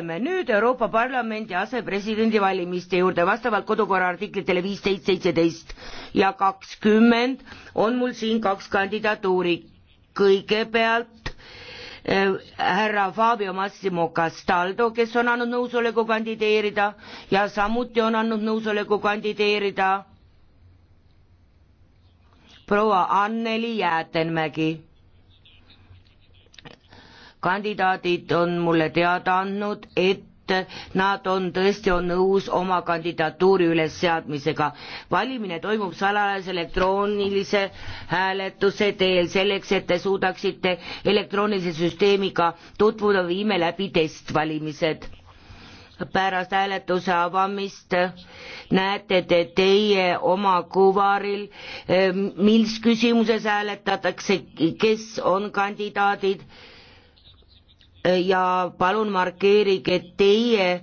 läheme nüüd Euroopa Parlamendi asepresidendi valimiste juurde. vastavalt kodukorra artiklitele viisteist, seitseteist ja kakskümmend on mul siin kaks kandidatuuri. kõigepealt äh, härra äh, Fabio Massimo Castaldo, kes on andnud nõusoleku kandideerida ja samuti on andnud nõusoleku kandideerida proua Anneli Jäätenmägi kandidaadid on mulle teada andnud, et nad on tõesti on nõus oma kandidatuuri ülesseadmisega. valimine toimub salajase elektroonilise hääletuse teel, selleks et te suudaksite elektroonilise süsteemiga tutvuda, viime läbi testvalimised pärast hääletuse avamist näete te teie oma kuvaril, eh, mis küsimuses hääletatakse, kes on kandidaadid ja palun markeerige teie e,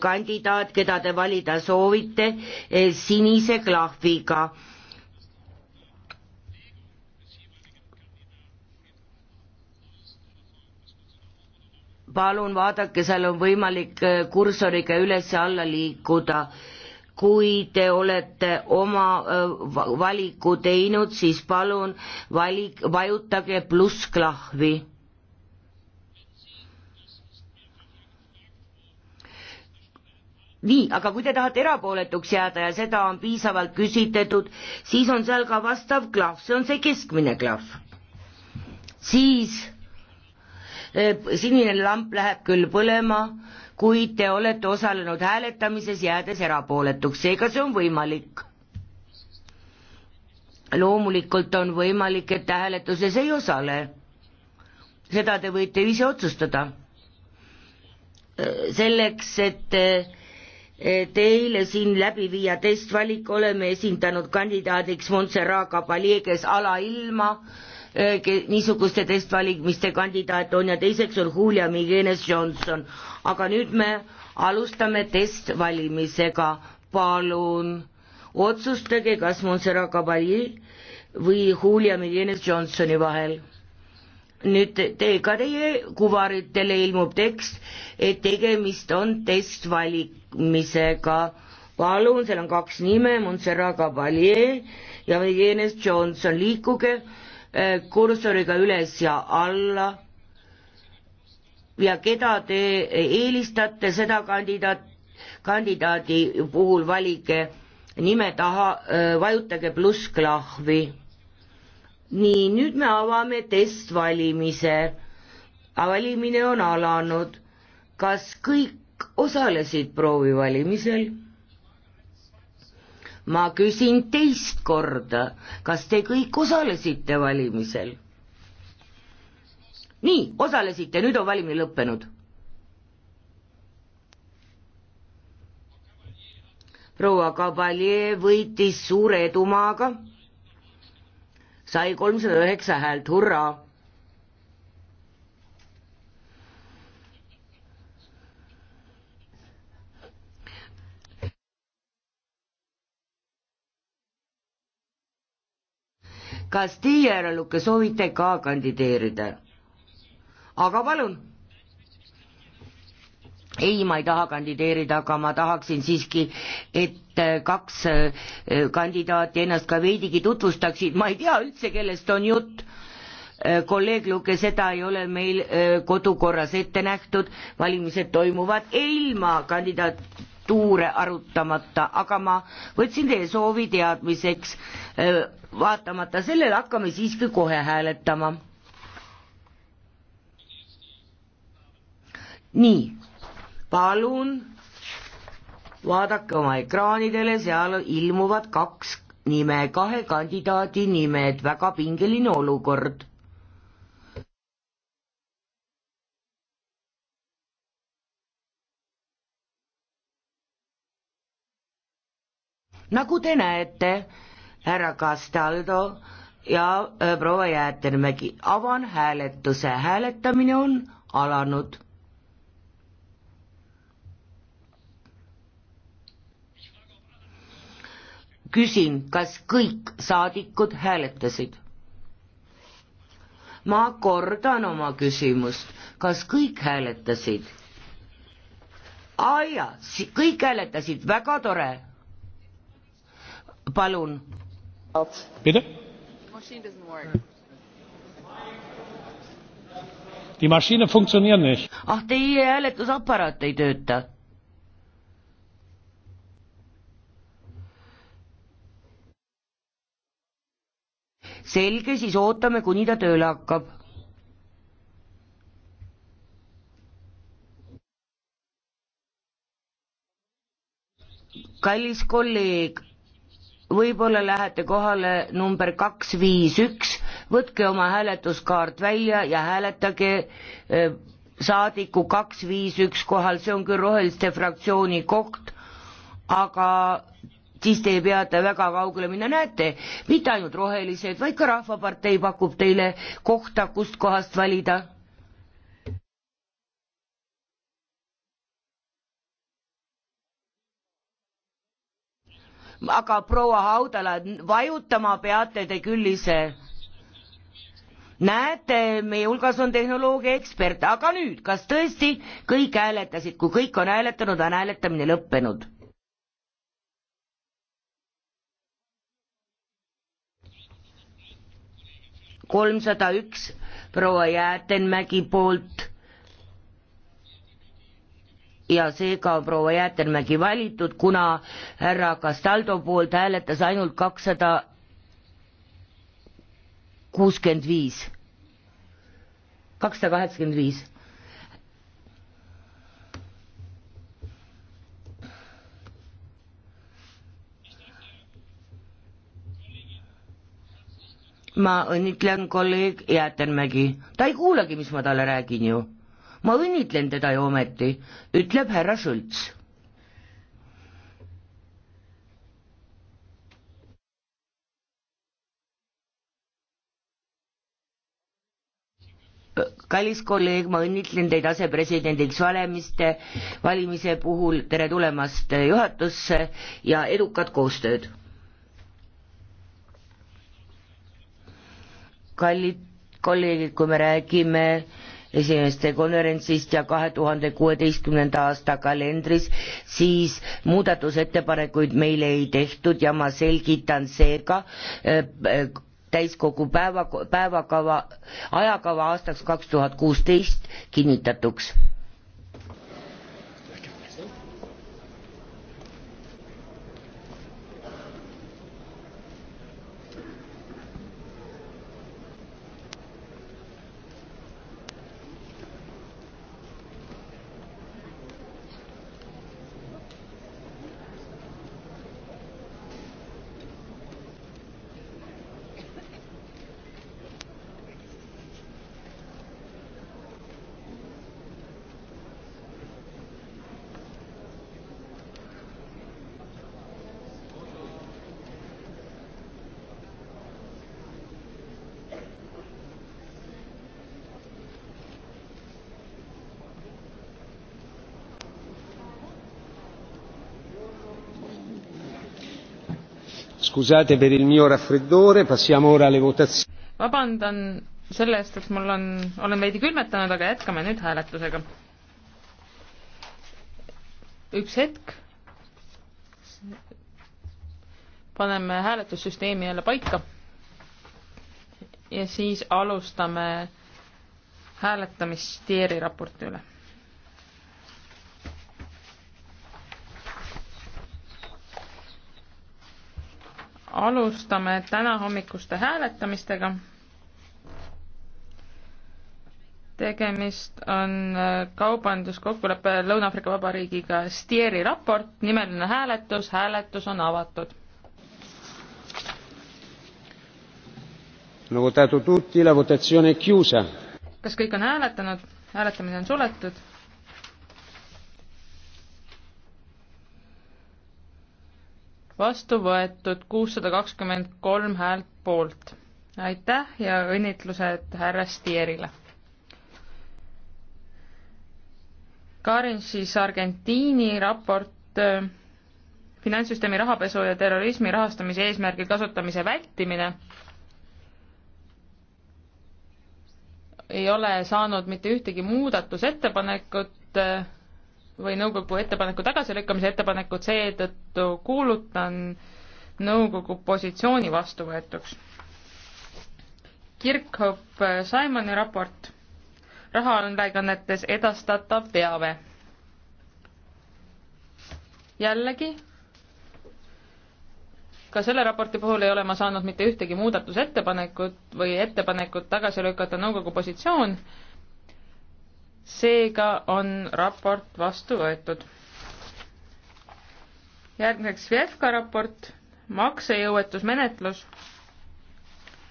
kandidaat, keda te valida soovite, e, sinise klahviga. palun vaadake, seal on võimalik e, kursoriga üles-alla liikuda. kui te olete oma valiku teinud, siis palun valik, vajutage plussklahvi nii, aga kui te tahate erapooletuks jääda ja seda on piisavalt küsitletud, siis on seal ka vastav klahv, see on see keskmine klahv. siis eh, sinine lamp läheb küll põlema, kuid te olete osalenud hääletamises, jäädes erapooletuks, seega see on võimalik. loomulikult on võimalik, et te hääletuses ei osale. seda te võite ise otsustada. Eh, selleks, et eh, teile siin läbi viia testvalik, oleme esindanud kandidaadiks Montserrat Caballé, kes alailma äh, niisuguste testvalimiste kandidaat on ja teiseks on Julia Migenes Johnson. aga nüüd me alustame testvalimisega, palun otsustage, kas Montserrat Caballé või Julia Migenes Johnsoni vahel nüüd te, ka teie kuvaritele ilmub tekst, et tegemist on testvalimisega. palun, seal on kaks nime, Montserrat Caballé ja Enes Johnson, liikuge äh, kursoriga üles ja alla. ja keda te eelistate, seda kandidaat, kandidaadi puhul valige nime taha, äh, vajutage plussklahvi nii, nüüd me avame testvalimise. valimine on alanud. kas kõik osalesid proovivalimisel? ma küsin teist korda, kas te kõik osalesite valimisel? nii, osalesite, nüüd on valimine lõppenud. proua Kabalje võitis suure edumaaga sai kolmsada üheksa häält, hurraa. kas teie, härra Lukke, soovite ka kandideerida? aga palun ei, ma ei taha kandideerida, aga ma tahaksin siiski, et äh, kaks äh, kandidaati ennast ka veidigi tutvustaksid, ma ei tea üldse, kellest on jutt. Äh, kolleeg Luke, seda ei ole meil kodukorras ette nähtud, valimised toimuvad ilma kandidatuure arutamata, aga ma võtsin teie soovi teadmiseks. vaatamata sellele hakkame siiski kohe hääletama. nii palun vaadake oma ekraanidele, seal ilmuvad kaks nime, kahe kandidaadi nimed, väga pingeline olukord nagu te näete, härra Castaldo ja äh, proua Jäätermägi, avan hääletuse, hääletamine on alanud küsin, kas kõik saadikud hääletasid? ma kordan oma küsimust, kas kõik hääletasid? aia, kõik hääletasid, väga tore. palun. mida? Die Maschine funktioniert nicht. Ach, teie hääletusaparaat ei tööta selge, siis ootame, kuni ta tööle hakkab. kallis kolleeg, võib-olla lähete kohale number kaks viis üks, võtke oma hääletuskaart välja ja hääletage eh, saadiku kaks viis üks kohal, see on küll Roheliste fraktsiooni koht, aga siis te ei peata väga kaugele minna, näete, mitte ainult rohelised, vaid ka Rahvapartei pakub teile kohta, kust kohast valida. aga proua Haudala, vajutama peate te küll ise. näete, meie hulgas on tehnoloogia ekspert, aga nüüd, kas tõesti kõik hääletasid, kui kõik on hääletanud, on hääletamine lõppenud? kolmsada üks proua Jäätenmägi poolt ja seega on proua Jäätenmägi valitud, kuna härra Castaldo poolt hääletas ainult kakssada kuuskümmend viis, kakssada kaheksakümmend viis ma õnnitlen kolleeg Jäätenmägi, ta ei kuulagi, mis ma talle räägin ju. ma õnnitlen teda ju ometi, ütleb härra Schultz. kallis kolleeg, ma õnnitlen teid asepresidendiks valimiste, valimise puhul, tere tulemast juhatusse ja edukat koostööd! kallid kolleegid, kui me räägime esimeste konverentsist ja kahe tuhande kuueteistkümnenda aasta kalendris, siis muudatusettepanekuid meile ei tehtud ja ma selgitan seega äh, äh, täiskogu päeva, päevakava, ajakava aastaks kaks tuhat kuusteist kinnitatuks. Scusate per il mio raffreddore, passiamo ora alle votazioni. vabandan selle eest, et mul on, olen veidi külmetanud, aga jätkame nüüd hääletusega. üks hetk. paneme hääletussüsteemi jälle paika. ja siis alustame hääletamist Tieri raporti üle alustame tänahommikuste hääletamistega. tegemist on äh, kaubanduskokkuleppe Lõuna-Aafrika Vabariigiga, Stieri raport, nimeline hääletus, hääletus on avatud. kas kõik on hääletanud, hääletamine on suletud? vastu võetud kuussada kakskümmend kolm häält poolt. aitäh ja õnnitlused härra Stierile. Karin siis Argentiini raport äh, finantssüsteemi rahapesu ja terrorismi rahastamise eesmärgil kasutamise vältimine ei ole saanud mitte ühtegi muudatusettepanekut äh, või nõukogu ettepaneku tagasilükkamise ettepanekut, seetõttu kuulutan nõukogu positsiooni vastuvõetuks. Kirchhoff Simoni raport, rahaülekannetes edastatav teave. jällegi, ka selle raporti puhul ei ole ma saanud mitte ühtegi muudatusettepanekut või ettepanekut tagasi lükata nõukogu positsioon seega on raport vastu võetud. järgmiseks Vjevka raport, maksejõuetusmenetlus.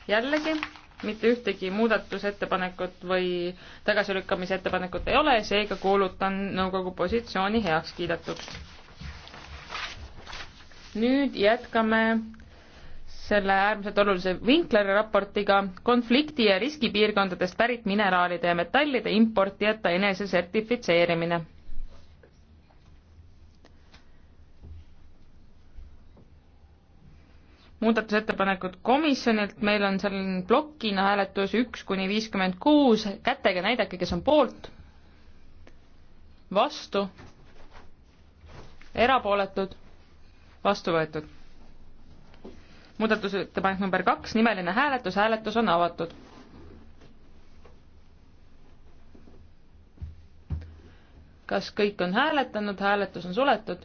jällegi, mitte ühtegi muudatusettepanekut või tagasilükkamise ettepanekut ei ole, seega kuulutan nõukogu positsiooni heaks kiidetuks. nüüd jätkame selle äärmiselt olulise Winkleri raportiga konflikti ja riskipiirkondadest pärit mineraalide ja metallide importijate enese sertifitseerimine. muudatusettepanekud komisjonilt, meil on seal plokina hääletus üks kuni viiskümmend kuus, kätega näidake, kes on poolt, vastu, erapooletud, vastu võetud muudatusettepanek number kaks, nimeline hääletus, hääletus on avatud. kas kõik on hääletanud, hääletus on suletud?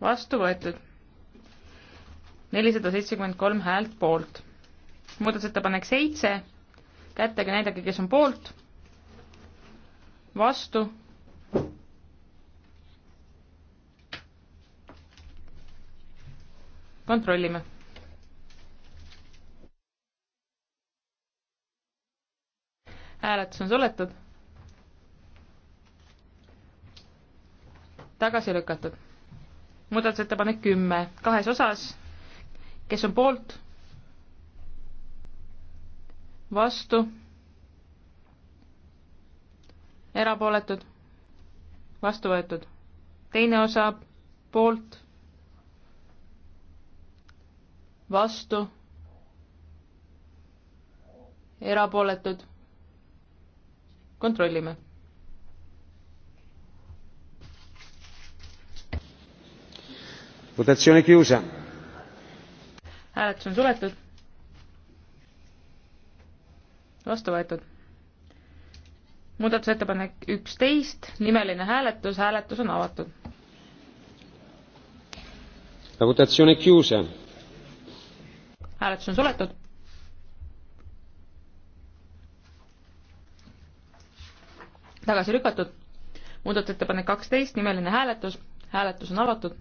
vastu võetud. nelisada seitsekümmend kolm häält poolt. muudatusettepanek seitse, kätega näidake, kes on poolt, vastu kontrollime. hääletus on suletud. tagasi lükatud. muudatusettepanek kümme, kahes osas. kes on poolt? vastu? erapooletud? vastu võetud. teine osa poolt vastu, erapooletud. kontrollime. votatsiooni kiusa. hääletus on suletud. vastu võetud. muudatusettepanek üksteist, nimeline hääletus, hääletus on avatud. La votazione è chiusa hääletus on suletud. tagasi lükatud. muudatusettepanek kaksteist, nimeline hääletus. hääletus on avatud.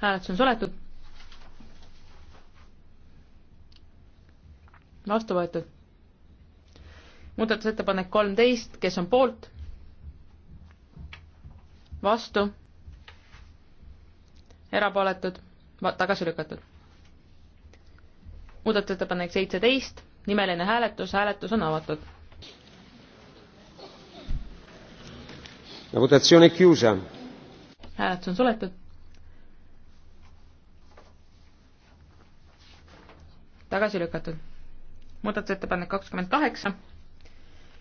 hääletus on suletud. vastu võetud. muudatusettepanek kolmteist, kes on poolt? vastu erapooletud, tagasi lükatud. muudatusettepanek seitseteist, nimeline hääletus, hääletus on avatud. hääletus on suletud. tagasi lükatud. muudatusettepanek kakskümmend kaheksa,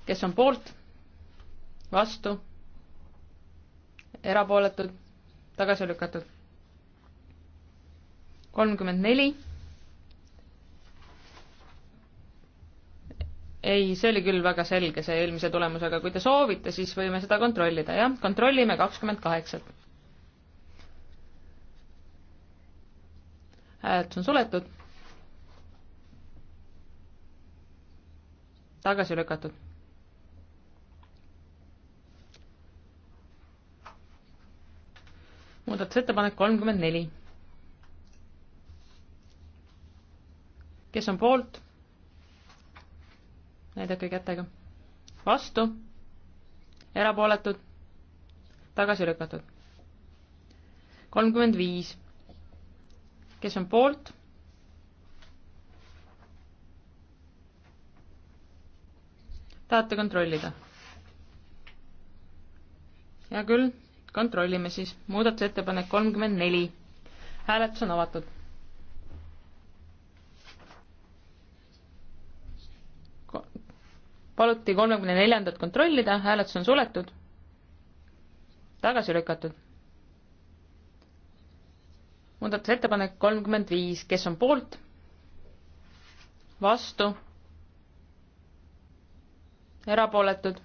kes on poolt, vastu, erapooletud, tagasi lükatud kolmkümmend neli. ei, see oli küll väga selge, see eelmise tulemus, aga kui te soovite, siis võime seda kontrollida, jah, kontrollime kakskümmend kaheksat. hääletus on suletud. tagasi lükatud. muudatusettepanek kolmkümmend neli kes on poolt? näidake kätega. vastu? erapooletud? tagasi lükatud? kolmkümmend viis. kes on poolt? tahate kontrollida? hea küll, kontrollime siis. muudatusettepanek kolmkümmend neli. hääletus on avatud paluti kolmekümne neljandat kontrollida, hääletus on suletud, tagasi lükatud. muudatusettepanek kolmkümmend viis, kes on poolt? vastu? erapooletud?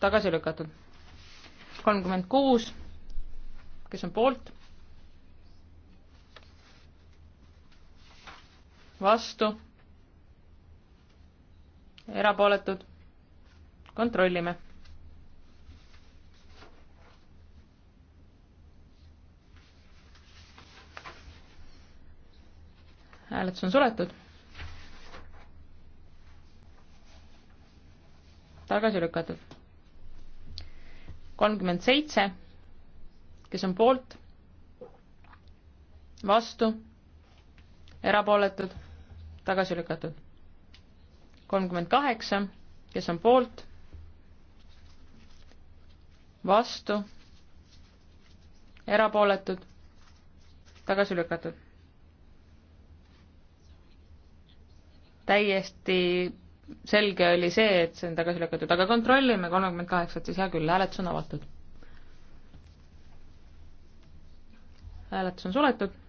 tagasi lükatud. kolmkümmend kuus, kes on poolt? vastu erapooletud, kontrollime. hääletus on suletud. tagasi lükatud. kolmkümmend seitse, kes on poolt, vastu, erapooletud, tagasi lükatud kolmkümmend kaheksa, kes on poolt, vastu, erapooletud, tagasi lükatud. täiesti selge oli see, et see on tagasi lükatud, aga kontrollime kolmekümmend kaheksat, siis hea küll, hääletus on avatud. hääletus on suletud.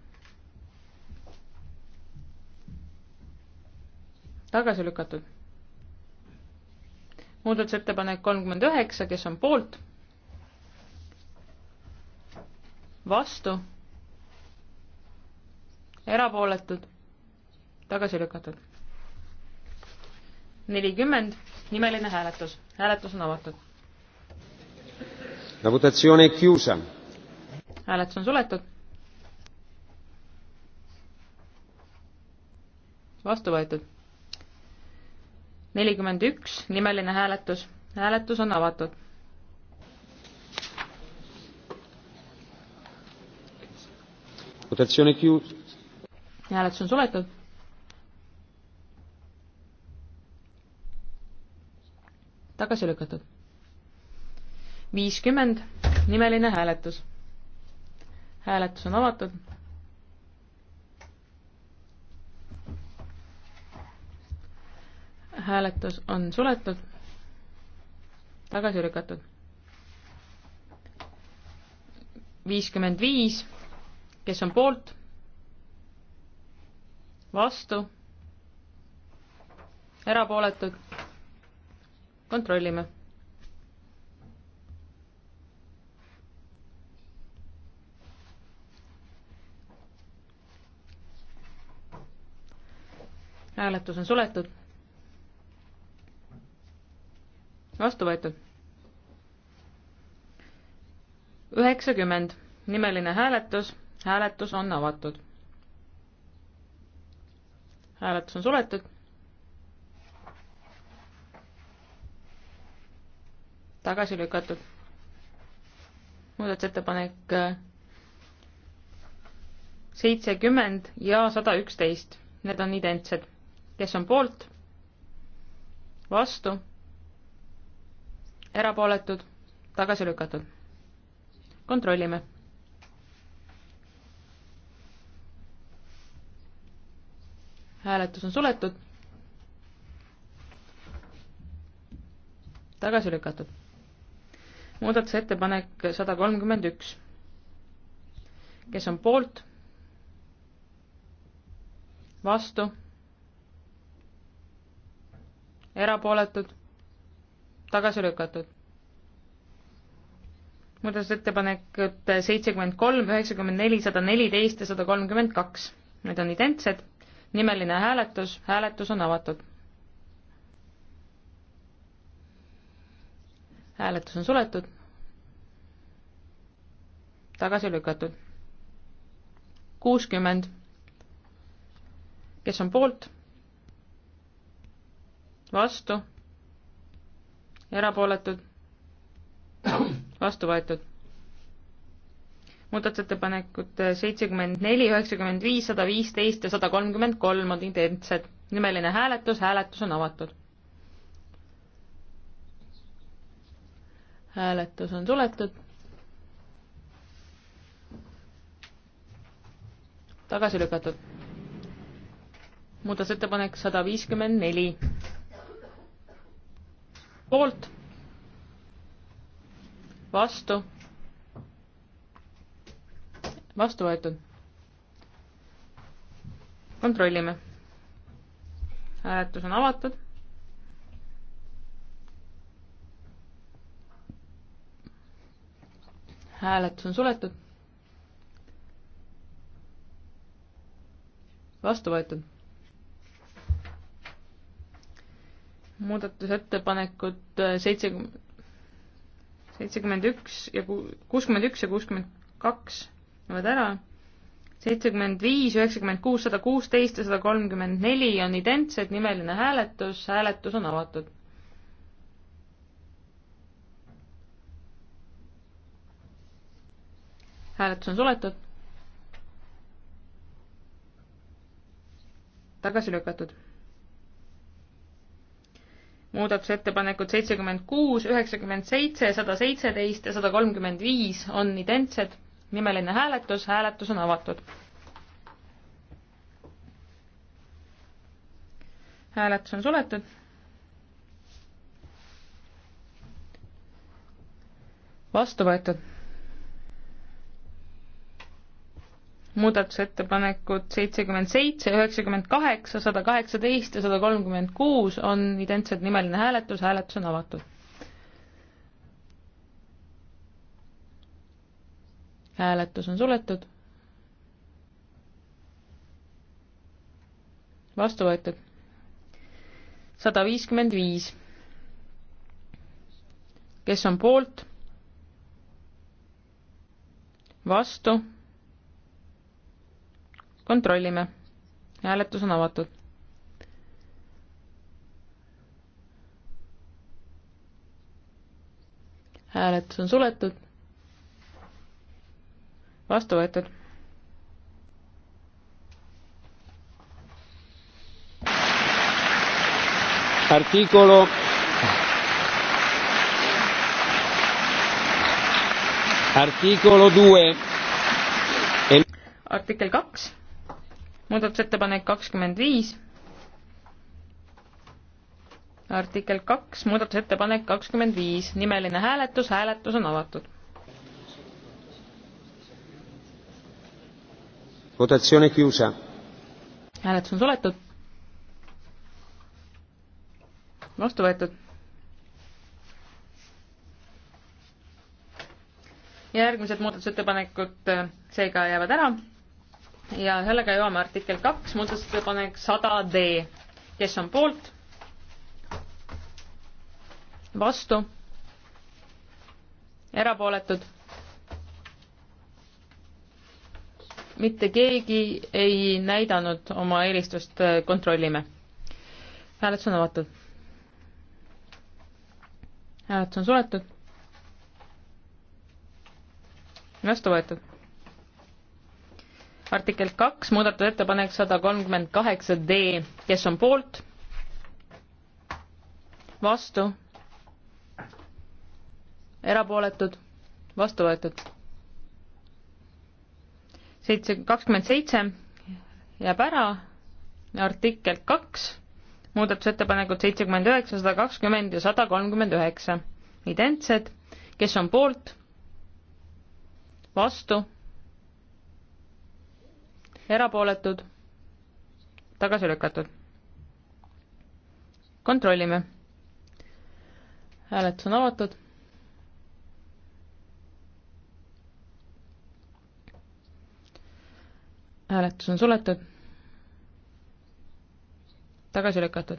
tagasi lükatud muudatusettepanek kolmkümmend üheksa, kes on poolt? vastu? erapooletud? tagasi lükatud? nelikümmend, nimeline hääletus. hääletus on avatud. hääletus on suletud. vastu võetud nelikümmend üks, nimeline hääletus. hääletus on avatud. hääletus on suletud. tagasi lükatud. viiskümmend, nimeline hääletus. hääletus on avatud hääletus on suletud, tagasi lükatud. viiskümmend viis, kes on poolt, vastu, erapooletud, kontrollime hääletus on suletud vastu võetud. üheksakümmend, nimeline hääletus, hääletus on avatud. hääletus on suletud. tagasi lükatud. muudatusettepanek äh, seitsekümmend ja sada üksteist, need on identsed. kes on poolt? vastu erapooletud, tagasi lükatud. kontrollime. hääletus on suletud. tagasi lükatud. muudatusettepanek sada kolmkümmend üks. kes on poolt? vastu? erapooletud tagasi lükatud. muudatusettepanekud seitsekümmend kolm, üheksakümmend neli, sada neliteist ja sada kolmkümmend kaks. Need on identsed. nimeline hääletus, hääletus on avatud. hääletus on suletud. tagasi lükatud. kuuskümmend. kes on poolt? vastu erapooletud, vastu võetud. muudatusettepanekud seitsekümmend neli, üheksakümmend viis, sada viisteist ja sada kolmkümmend kolm on identsed. nimeline hääletus, hääletus on avatud. hääletus on suletud. tagasi lükatud. muudatusettepanek sada viiskümmend neli poolt, vastu, vastu võetud. kontrollime. hääletus on avatud. hääletus on suletud. vastu võetud muudatusettepanekud äh, seitsekümmend, seitsekümmend üks ja kuuskümmend üks ja kuuskümmend kaks jäävad ära, seitsekümmend viis, üheksakümmend kuus, sada kuusteist ja sada kolmkümmend neli on identsed, nimeline hääletus, hääletus on avatud. hääletus on suletud. tagasi lükatud muudatusettepanekud seitsekümmend kuus, üheksakümmend seitse, sada seitseteist ja sada kolmkümmend viis on identsed. nimeline hääletus, hääletus on avatud. hääletus on suletud. vastu võetud muudatusettepanekud seitsekümmend seitse, üheksakümmend kaheksa, sada kaheksateist ja sada kolmkümmend kuus on identsed nimeline hääletus, hääletus on avatud. hääletus on suletud. vastu võetud. sada viiskümmend viis. kes on poolt? vastu kontrollime. hääletus on avatud. hääletus on suletud. vastu võetud articolo articolo 2 artikkel 2 muudatusettepanek kakskümmend viis, artikkel kaks, muudatusettepanek kakskümmend viis, nimeline hääletus, hääletus on avatud. hääletus on suletud. vastu võetud. järgmised muudatusettepanekud äh, seega jäävad ära ja sellega jõuame artikkel kaks, muudatusettepanek sada D. kes on poolt? vastu? erapooletud? mitte keegi ei näidanud oma eelistust, äh, kontrollime. hääletus on avatud. hääletus on suletud. vastu võetud artikkel kaks, muudatusettepanek sada kolmkümmend kaheksa D, kes on poolt? vastu? erapooletud? vastu võetud? seitse, kakskümmend seitse jääb ära, artikkel kaks, muudatusettepanekud seitsekümmend üheksa, sada kakskümmend ja sada kolmkümmend üheksa, identsed, kes on poolt? vastu? erapooletud, tagasi lükatud. kontrollime. hääletus on avatud. hääletus on suletud. tagasi lükatud.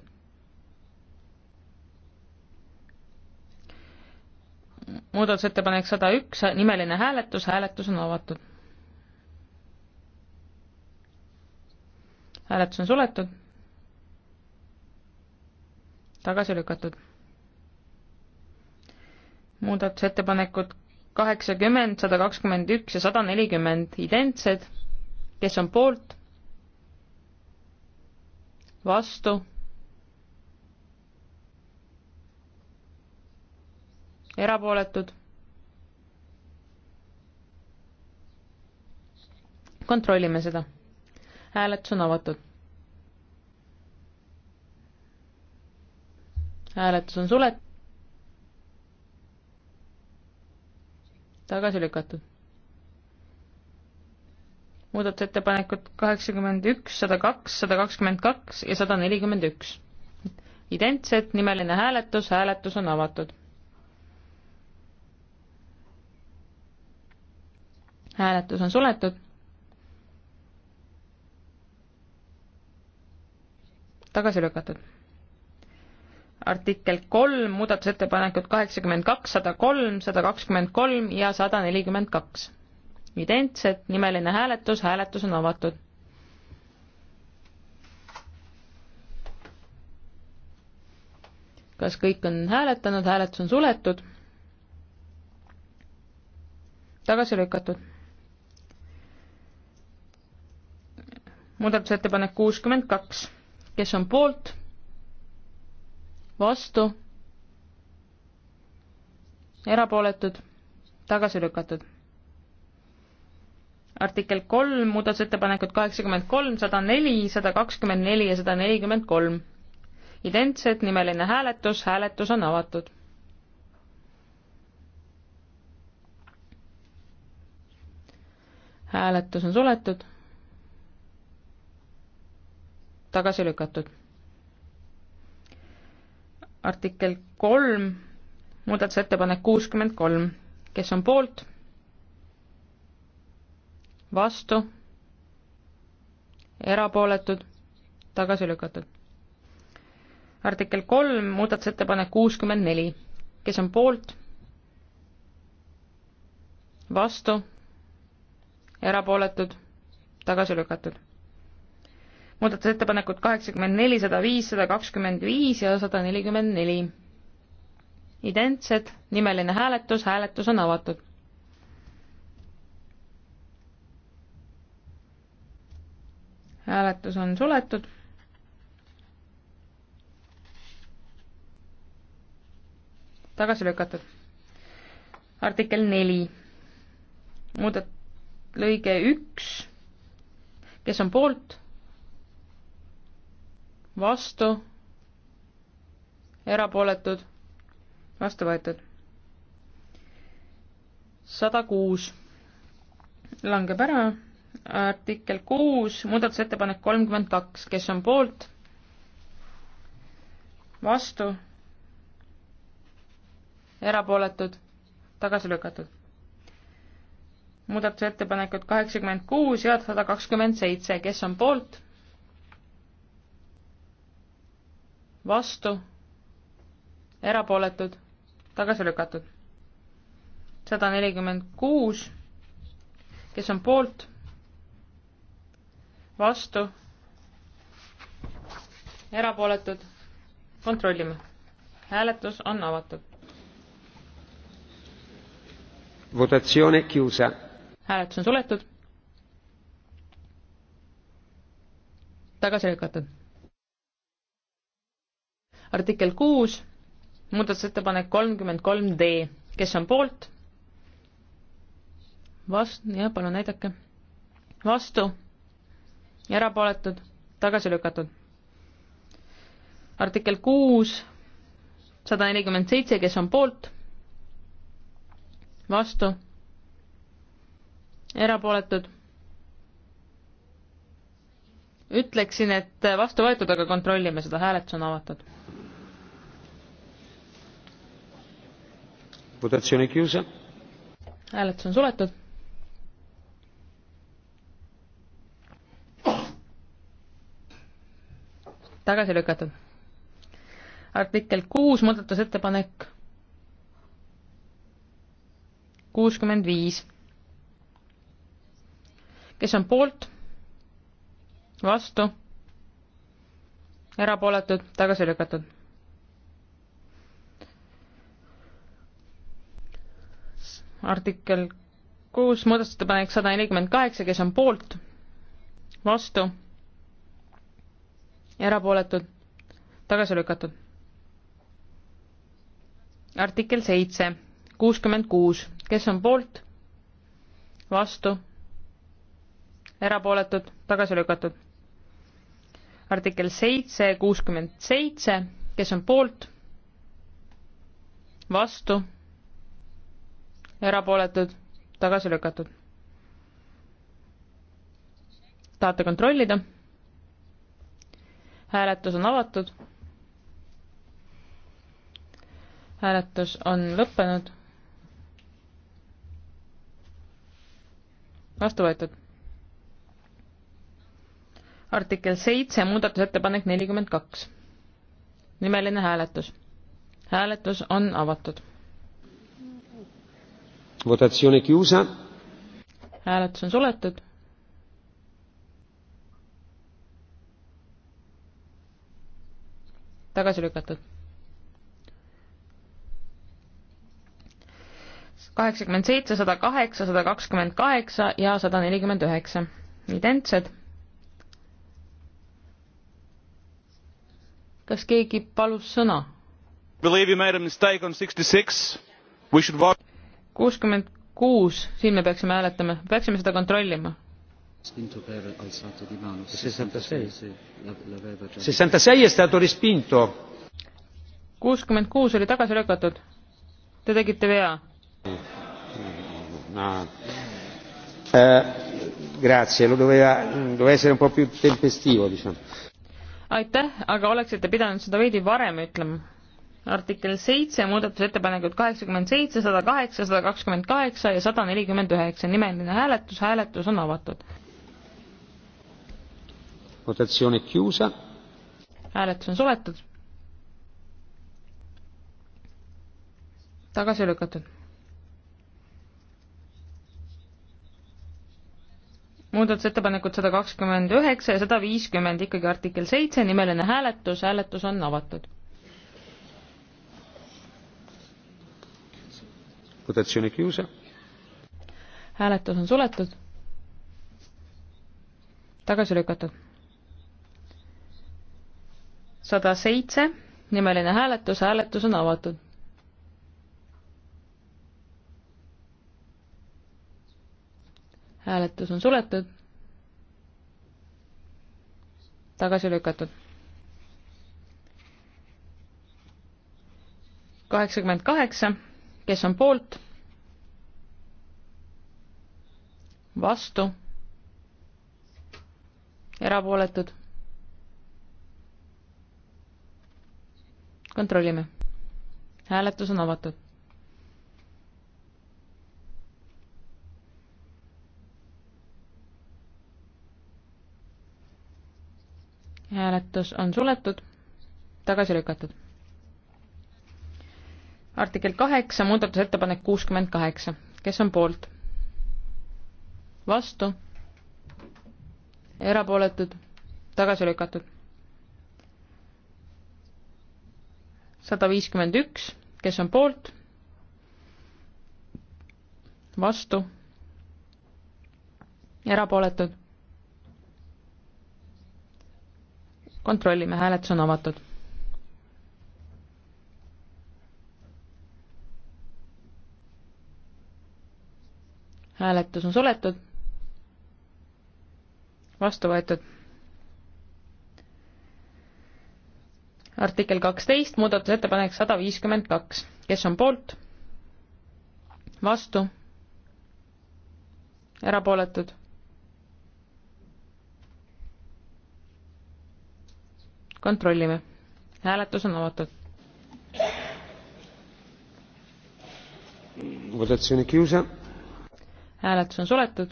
muudatusettepanek sada üks, nimeline hääletus, hääletus on avatud hääletus on suletud. tagasi lükatud. muudatusettepanekud kaheksakümmend, sada kakskümmend üks ja sada nelikümmend identsed. kes on poolt? vastu? erapooletud? kontrollime seda hääletus on avatud. hääletus on suletud. tagasi lükatud. muudatusettepanekud kaheksakümmend üks, sada kaks, sada kakskümmend kaks ja sada nelikümmend üks. identsed, nimeline hääletus, hääletus on avatud. hääletus on suletud. tagasi lükatud. artikkel kolm, muudatusettepanekud kaheksakümmend kaks, sada kolm, sada kakskümmend kolm ja sada nelikümmend kaks. identsed, nimeline hääletus, hääletus on avatud. kas kõik on hääletanud, hääletus on suletud? tagasi lükatud. muudatusettepanek kuuskümmend kaks kes on poolt, vastu, erapooletud, tagasi lükatud. artikkel kolm, muudatusettepanekud kaheksakümmend kolm, sada neli, sada kakskümmend neli ja sada nelikümmend kolm. identsed, nimeline hääletus, hääletus on avatud hääletus on suletud tagasi lükatud. artikkel kolm, muudatusettepanek kuuskümmend kolm, kes on poolt? vastu? erapooletud? tagasi lükatud. artikkel kolm, muudatusettepanek kuuskümmend neli, kes on poolt? vastu? erapooletud? tagasi lükatud muudatusettepanekud kaheksakümmend neli, sada viis, sada kakskümmend viis ja sada nelikümmend neli. identsed, nimeline hääletus, hääletus on avatud. hääletus on suletud. tagasi lükatud. artikkel neli, muudat-, lõige üks, kes on poolt vastu, erapooletud, vastu võetud. sada kuus langeb ära, artikkel kuus, muudatusettepanek kolmkümmend kaks, kes on poolt, vastu, erapooletud, tagasi lükatud. muudatusettepanekud kaheksakümmend kuus ja sada kakskümmend seitse, kes on poolt vastu, erapooletud, tagasi lükatud. sada nelikümmend kuus, kes on poolt, vastu, erapooletud, kontrollime. hääletus on avatud. Votatsioone chiusa. hääletus on suletud. tagasi lükatud artikkel kuus, muudatusettepanek kolmkümmend kolm D, kes on poolt? vast-, jah, palun näidake. vastu, erapooletud, tagasi lükatud. artikkel kuus, sada nelikümmend seitse, kes on poolt? vastu, erapooletud ütleksin, et vastu võetud, aga kontrollime seda, hääletus on avatud. hääletus on suletud. tagasi lükatud. artikkel kuus, muudatusettepanek kuuskümmend viis. kes on poolt? vastu? erapooletud, tagasi lükatud. artikkel kuus, muudatusettepanek sada nelikümmend kaheksa, kes on poolt, vastu, erapooletud, tagasi lükatud. artikkel seitse, kuuskümmend kuus, kes on poolt, vastu, erapooletud, tagasi lükatud. artikkel seitse, kuuskümmend seitse, kes on poolt, vastu erapooletud, tagasi lükatud. tahate kontrollida? hääletus on avatud. hääletus on lõppenud. vastu võetud. artikkel seitse, muudatusettepanek nelikümmend kaks. nimeline hääletus. hääletus on avatud votatsiooni kiusa. hääletus on suletud. tagasi lükatud. kaheksakümmend seitse, sada kaheksa, sada kakskümmend kaheksa ja sada nelikümmend üheksa. identsed. kas keegi palus sõna? Believe you made a mistake on sixty six. We should vote kuuskümmend kuus, siin me peaksime hääletama, peaksime seda kontrollima. kuuskümmend kuus oli tagasi lükatud. Te tegite vea. No. Eh, grazie, lo doveva, doveva essere un po' più tempestivo, diciamo. aitäh, aga oleksite pidanud seda veidi varem ütlema artikkel seitse, muudatusettepanekud kaheksakümmend seitse, sada kaheksa, sada kakskümmend kaheksa ja sada nelikümmend üheksa, nimeline hääletus, hääletus on avatud. hääletus on suletud. tagasi lükatud. muudatusettepanekud sada kakskümmend üheksa ja sada viiskümmend ikkagi artikkel seitse, nimeline hääletus, hääletus on avatud hääletus on suletud. tagasi lükatud. sada seitse, nimeline hääletus, hääletus on avatud. hääletus on suletud. tagasi lükatud. kaheksakümmend kaheksa kes on poolt? vastu? erapooletud? kontrollime. hääletus on avatud. hääletus on suletud, tagasi lükatud artikkel kaheksa, muudatusettepanek kuuskümmend kaheksa. kes on poolt? vastu? erapooletud? tagasi lükatud? sada viiskümmend üks, kes on poolt? vastu? erapooletud? kontrollime, hääletus on avatud hääletus on suletud. vastu võetud. artikkel kaksteist, muudatusettepanek sada viiskümmend kaks, kes on poolt? vastu? erapooletud? kontrollime. hääletus on avatud. votatsiooni kiusa hääletus on suletud.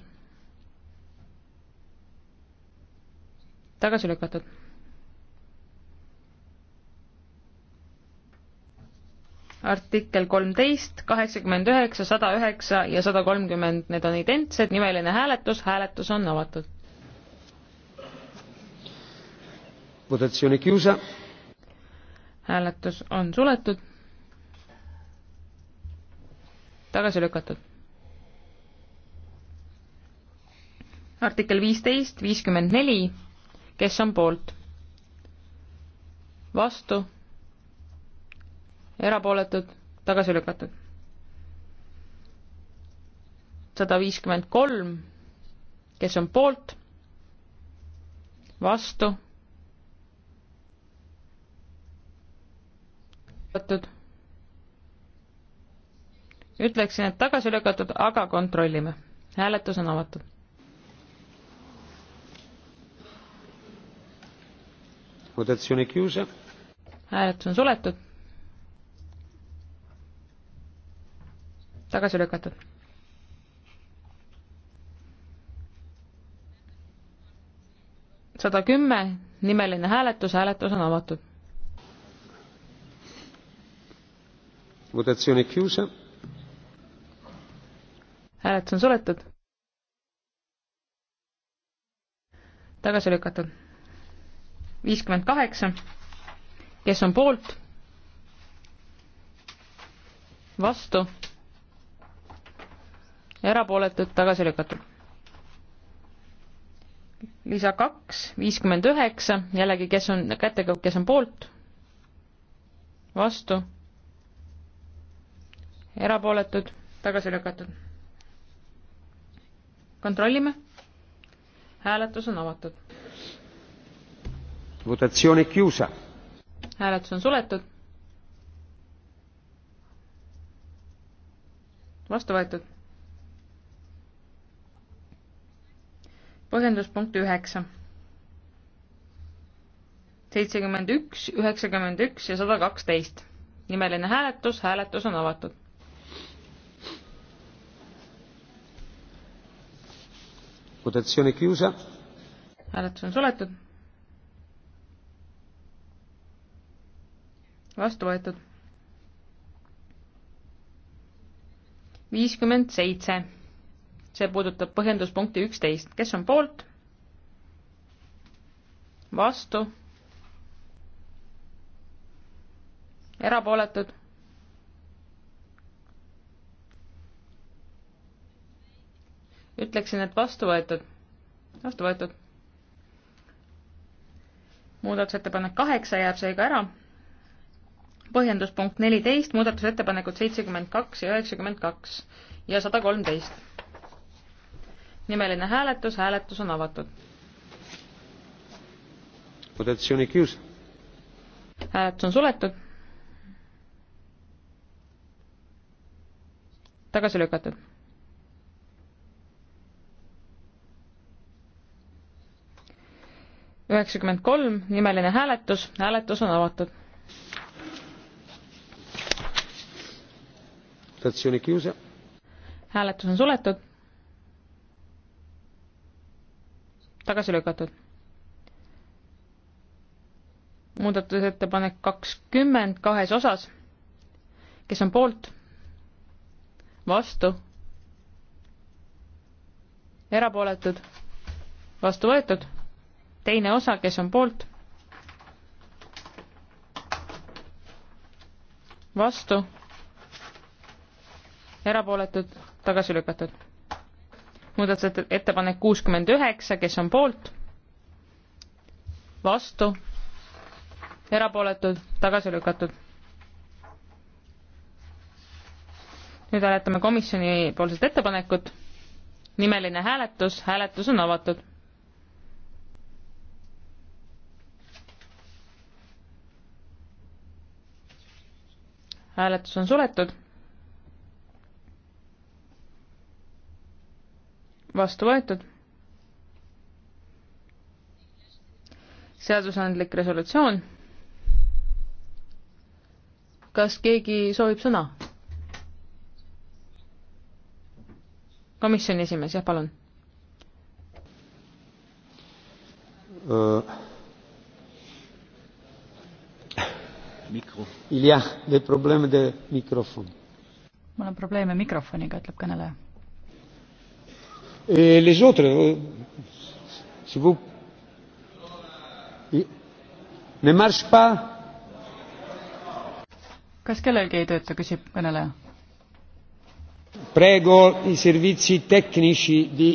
tagasi lükatud. artikkel kolmteist, kaheksakümmend üheksa, sada üheksa ja sada kolmkümmend, need on identsed, nimeline hääletus, hääletus on avatud. hääletus on suletud. tagasi lükatud artikkel viisteist, viiskümmend neli, kes on poolt? vastu? erapooletud? tagasi lükatud? sada viiskümmend kolm, kes on poolt? vastu? lükatud? ütleksin, et tagasi lükatud, aga kontrollime. hääletus on avatud. hääletus on suletud. tagasi lükatud. sada kümme, nimeline hääletus, hääletus on avatud. hääletus on suletud. tagasi lükatud viiskümmend kaheksa, kes on poolt, vastu, erapooletud, tagasi lükatud. lisa kaks, viiskümmend üheksa, jällegi, kes on kätega, kes on poolt, vastu, erapooletud, tagasi lükatud. kontrollime. hääletus on avatud votatsiooni chiusa. hääletus on suletud. vastu võetud. põhjendus punkt üheksa. seitsekümmend üks, üheksakümmend üks ja sada kaksteist. nimeline hääletus, hääletus on avatud. votatsiooni chiusa. hääletus on suletud vastu võetud. viiskümmend seitse, see puudutab põhjenduspunkti üksteist, kes on poolt? vastu? erapooletud? ütleksin, et vastu võetud, vastu võetud. muudatusettepanek kaheksa jääb seega ära põhjendus punkt neliteist, muudatusettepanekud seitsekümmend kaks ja üheksakümmend kaks ja sada kolmteist. nimeline hääletus, hääletus on avatud. hääletus on suletud. tagasi lükatud. üheksakümmend kolm, nimeline hääletus, hääletus on avatud. hääletus on suletud. tagasi lükatud. muudatusettepanek kakskümmend kahes osas. kes on poolt? vastu? erapooletud? vastu võetud? teine osa, kes on poolt? vastu? erapooletud, tagasi lükatud. muudatusettepanek kuuskümmend üheksa, kes on poolt? vastu? erapooletud, tagasi lükatud. nüüd hääletame komisjoni poolset ettepanekut. nimeline hääletus, hääletus on avatud. hääletus on suletud vastu võetud. seadusandlik resolutsioon. kas keegi soovib sõna? komisjoni esimees, jah, palun Mikro. il y a des problèmes de microphone. mul on probleeme mikrofoniga, ütleb kõneleja Et les autres, euh, si vous ne marche pas. kas kellelgi ei tööta, küsib kõneleja. Prego i servizi tecnici di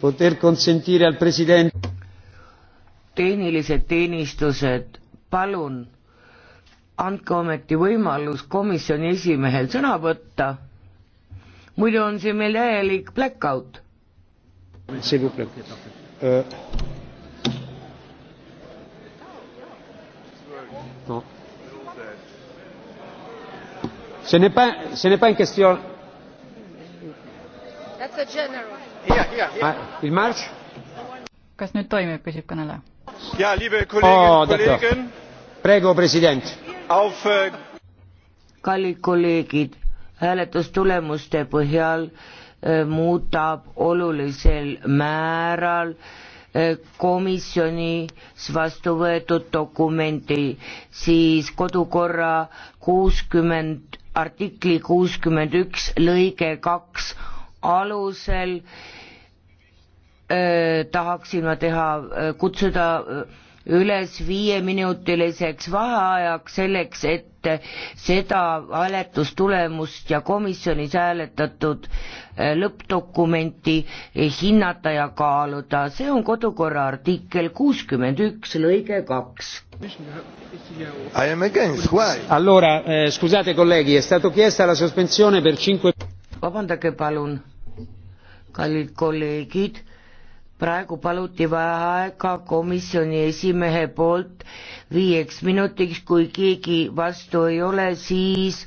poter consentire al president. tehnilised teenistused, palun andke ometi võimalus komisjoni esimehel sõna võtta. muidu on siin meil täielik blackout S'il vous plaît. Euh... Non. Ce n'est pas, ce n'est pas une question. That's a general. Here, here, here. Ah, il marche? kas nüüd toimib, küsib kõneleja. jaa, liebe kolleegid oh,, kolleegid. Prego, president. Auf äh, kallid kolleegid, hääletustulemuste põhjal Äh, muudab olulisel määral äh, komisjonis vastu võetud dokumendi, siis kodukorra kuuskümmend, artikli kuuskümmend üks lõige kaks alusel öö, äh, tahaksin ma teha, kutsuda öö, üles viieminutiliseks vaheajaks selleks, et seda hääletustulemust ja komisjonis hääletatud äh, lõppdokumenti hinnata ja kaaluda. see on kodukorra artikkel kuuskümmend üks lõige kaks. I am against, why? Allora eh, scusate colleghi, è stato chiesta la sospensione per cinque vabandage palun, kallid kolleegid praegu paluti vaheaega komisjoni esimehe poolt viieks minutiks, kui keegi vastu ei ole, siis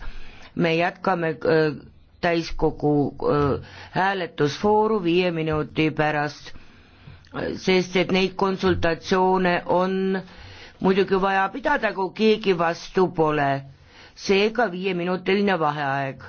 me jätkame äh, täiskogu äh, hääletusvooru viie minuti pärast, sest et neid konsultatsioone on muidugi vaja pidada, kui keegi vastu pole. seega viieminutiline vaheaeg.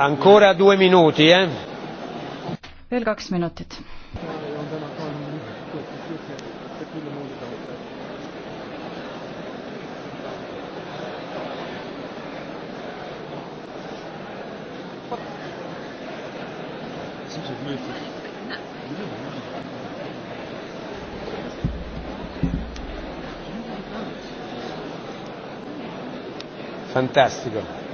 Ancora due minuti, eh? veel kaks minutit. Fantastico.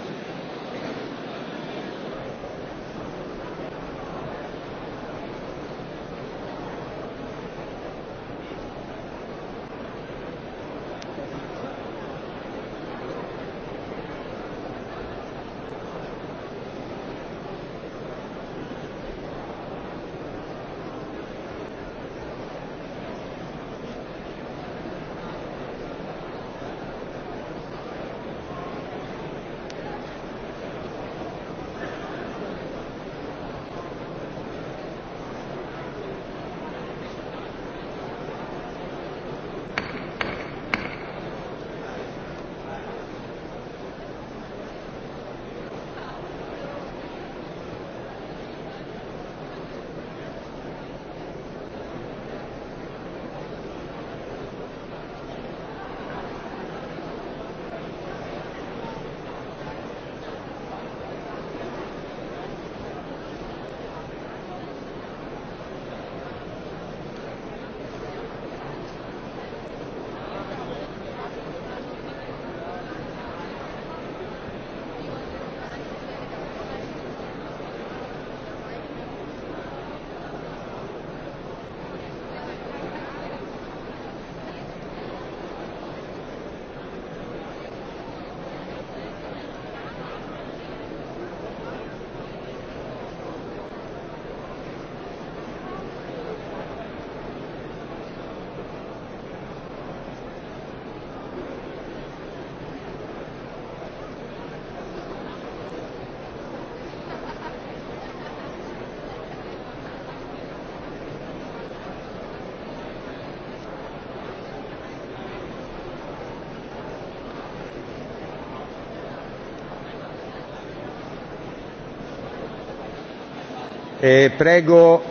Eh, prego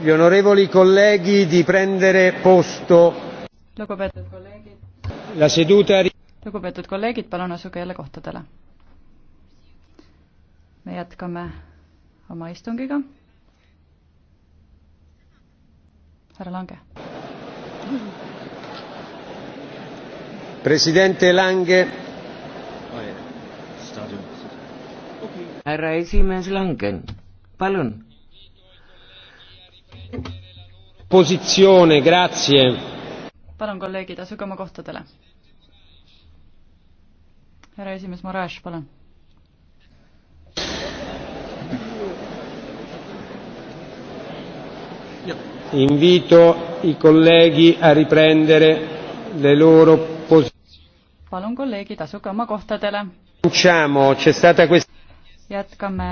gli onorevoli colleghi di prendere posto. lugupeetud kolleegid. La seduta. lugupeetud kolleegid, palun asuge jälle kohtadele. me jätkame oma istungiga. härra Lange. president Lange. härra esimees Langen, palun positsioone, grazie. palun, kolleegid, asuge oma kohtadele. härra esimees Moraes, palun. Invito i colleghi a riprendere le loro posizioni. palun, kolleegid, asuge oma kohtadele. jätkame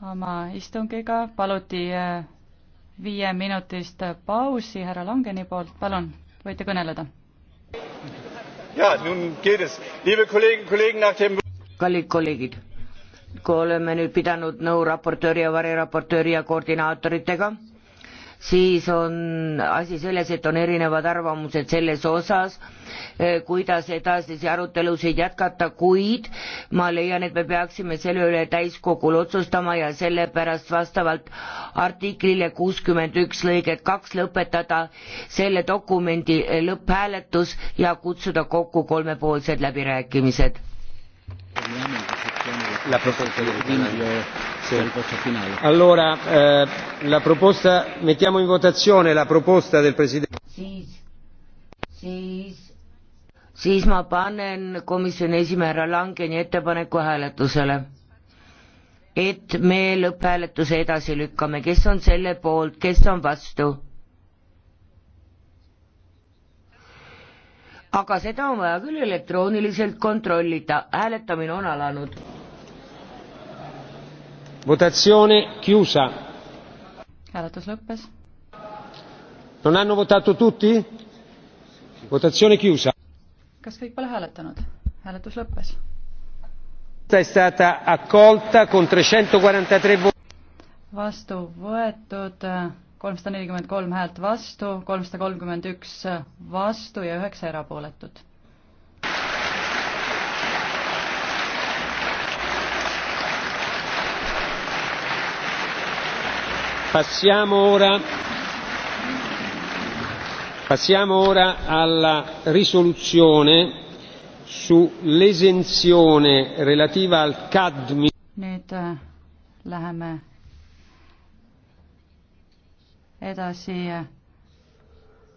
oma istungiga, paluti eh, viieminutist pausi härra Langeni poolt, palun, võite kõneleda. kallid kolleegid, kui oleme nüüd pidanud nõu raportööri ja variraportööri ja koordinaatoritega siis on asi selles, et on erinevad arvamused selles osas, e, kuidas edasisi arutelusid jätkata, kuid ma leian, et me peaksime selle üle täiskogul otsustama ja sellepärast vastavalt artiklile kuuskümmend üks lõiget kaks lõpetada selle dokumendi lõpphääletus ja kutsuda kokku kolmepoolsed läbirääkimised. La propuesta del del voto finale. Allora, eh, la proposta, mettiamo in votazione la proposta del Presidente. Siis, siis, siis ma panen komisjoni esimehe härra Langeni ettepaneku hääletusele, et me lõpphääletuse edasi lükkame, kes on selle poolt, kes on vastu aga seda on vaja küll elektrooniliselt kontrollida, hääletamine on alanud votazione chiusa hääletus lõppes non hanno votato tutti votazione chiusa kas kõik pole hääletanud hääletus lõppes è stata accolta con 343 voti vastu võetud eh, kolmsada nelikümmend kolm häält vastu kolmsada kolmkümmend üks eh, vastu ja üheksa erapooletut Passiamo ora, passiamo ora alla risoluzione sull'esenzione relativa al cadmi. Nüüd äh, läheme edasi äh,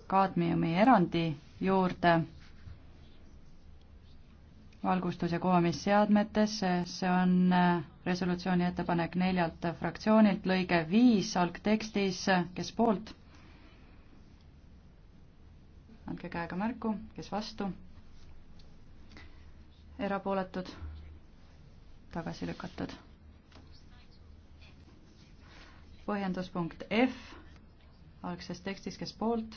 kaadmiumi erandi juurde valgustus- ja kuvamisseadmetes, äh, see on resolutsiooni ettepanek neljalt fraktsioonilt, lõige viis algtekstis, kes poolt? andke käega märku, kes vastu? erapooletud? tagasi lükatud? põhjenduspunkt F algses tekstis, kes poolt,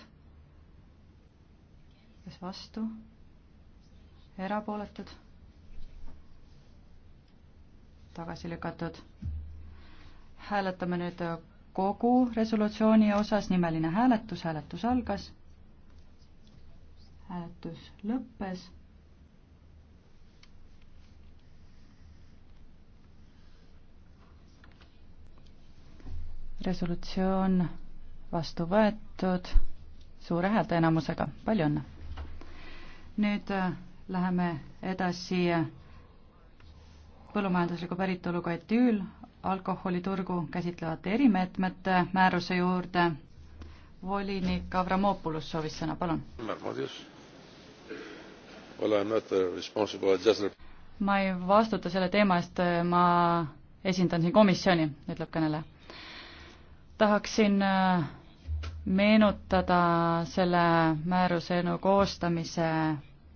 kes vastu, erapooletud tagasi lükatud. hääletame nüüd kogu resolutsiooni osas, nimeline hääletus, hääletus algas, hääletus lõppes. resolutsioon vastu võetud suure häälteenamusega, palju õnne! nüüd äh, läheme edasi põllumajandusliku päritoluga etüül alkoholiturgu käsitlevate erimeetmete määruse juurde. volinik Avramopoulos soovis sõna, palun. ma ei vastuta selle teema eest, ma esindan siin komisjoni, ütleb kõneleja. tahaksin äh, meenutada selle määruse eelnõu koostamise